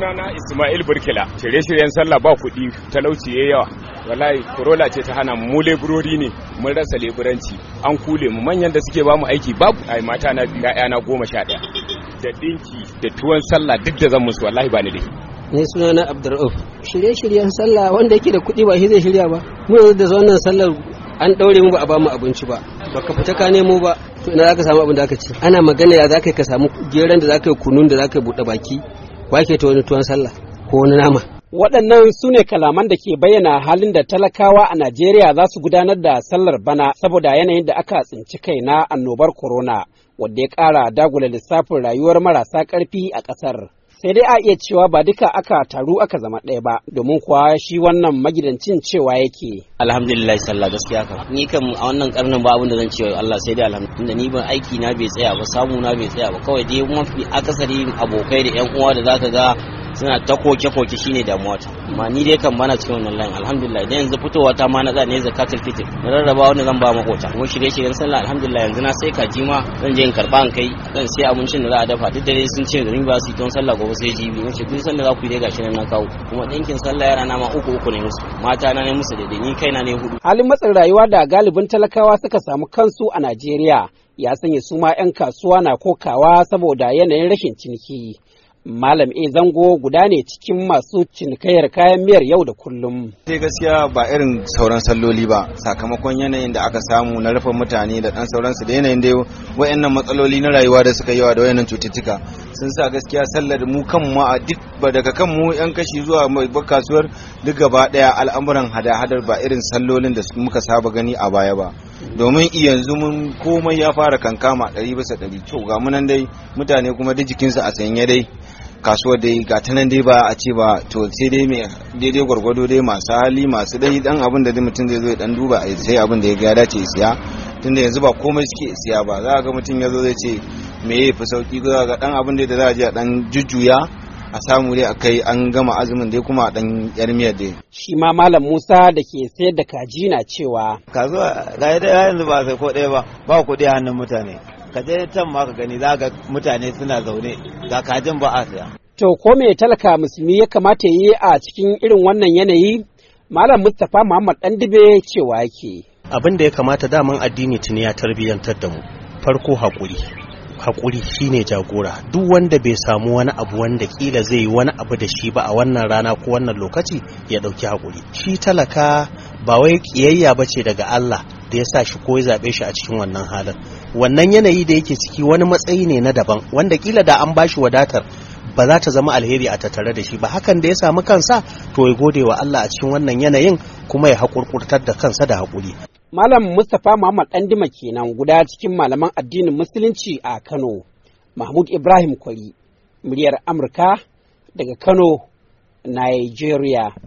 sunana Ismail Burkila shirye-shiryen sallah ba kuɗi talauci ya yawa wallahi corolla ce ta hana mu leburori ne mun rasa leburanci an kule mu manyan da suke bamu aiki babu ai mata na biyu na goma sha ɗaya da ɗinki da tuwon sallah duk da zan musu wallahi ba ni dai ne sunana Abdulrauf shirye-shiryen sallah wanda yake da kuɗi ba shi zai shirya ba mu yanzu da wannan sallar an ɗaure mu ba a bamu abinci ba baka fita ka nemo ba to ina zaka samu abin da aka ci ana magana ya zaka ka samu geran da zaka yi kunun da zaka buɗe baki wake ta wani tuwon sallah ko wani nama waɗannan su ne kalaman da ke bayyana halin da talakawa a najeriya za su gudanar da sallar bana saboda yanayin da aka tsinci kai na annobar corona wadda ya ƙara dagula lissafin rayuwar marasa ƙarfi a ƙasar sai dai a iya cewa ba duka aka taru aka zama ɗaya ba domin kuwa shi wannan magidancin cewa yake alhamdulillah sallah gaskiya ka ni kam a wannan karnin ba abin da zan ce Allah sai dai alhamdulillah ni ban aiki na bai tsaya ba samu na bai tsaya ba kawai dai mafi akasari abokai da yan uwa da zaka ga suna ta koke koke shine damuwa ta amma ni dai kan bana cikin wannan layin alhamdulillah dan yanzu fitowa ta ma na zane zakatul fitr na rarraba wanda zan ba makota ko shirye shiryen sallah alhamdulillah yanzu na sai kaji ma zan je in karba an kai zan sai abincin da za a dafa duk da dai sun ce garin ba su don sallah gobe sai jibi ne ce duk sallah za ku yi gashi nan na kawo kuma dinkin sallah yara na ma uku uku ne musu mata na ne musu da ni na ne hudu halin matsin rayuwa da galibin talakawa suka samu kansu a Najeriya ya sanya su ma 'yan kasuwa na kokawa saboda yanayin rashin ciniki Malam E zango guda ne cikin masu cinikayar kayan miyar yau da kullum. Sai gaskiya ba irin sauran salloli ba sakamakon yanayin da aka samu na rufe mutane da dan sauransu da yanayin da wayannan matsaloli na rayuwa da suka yawa da wayannan cututtuka sun sa gaskiya sallar mu kan mu a duk ba daga kan mu yan kashi zuwa mai kasuwar duk gaba daya al'amuran hada-hadar ba irin sallolin da muka saba gani a baya ba. domin yanzu mun komai ya fara kankama ɗari bisa ɗari to ga munan dai mutane kuma duk jikinsu a sanye dai kasuwar dai ga ta nan dai ba a ce ba to sai dai mai daidai gwargwado dai masu hali masu dai dan abin da mutum zai zo ya dan duba a sai abin da ya dace ya siya tunda yanzu ba komai suke siya ba za ga mutum ya zo zai ce me ya fi sauki za ga dan abin da za a je a dan jujjuya a samu dai akai an gama azumin dai kuma a dan yar miyar dai shi ma malam Musa da ke sayar da kaji na cewa kazuwa ga yanzu ba sai ko ɗaya ba ba kuɗi hannun mutane ka je can ma ka gani za ga mutane suna zaune ga kajin ba a saya. To ko mai talaka musulmi ya kamata yi a cikin irin wannan yanayi? Malam Mustapha Muhammad Dandibe cewa yake. Abin da ya kamata daman addini tuni ya tarbiyyantar da mu. Farko haƙuri. Haƙuri shine jagora. Duk wanda bai samu wani abu wanda kila zai yi wani abu da shi ba a wannan rana ko wannan lokaci ya ɗauki hakuri. Shi talaka ba wai ƙiyayya ba ce daga Allah da ya sa shi ko ya zaɓe shi a cikin wannan halin wannan yanayi da yake ciki wani matsayi ne na daban wanda kila da an bashi wadatar ba za ta zama alheri a tattare da shi ba hakan da ya samu kansa to ya gode wa Allah a cikin wannan yanayin kuma ya haƙurƙurtar da kansa da haƙuri. Malam Mustapha Muhammad Ɗandima kenan guda cikin malaman addinin Musulunci a Kano. Mahmud Ibrahim Kwari, muryar Amurka daga Kano, Nigeria.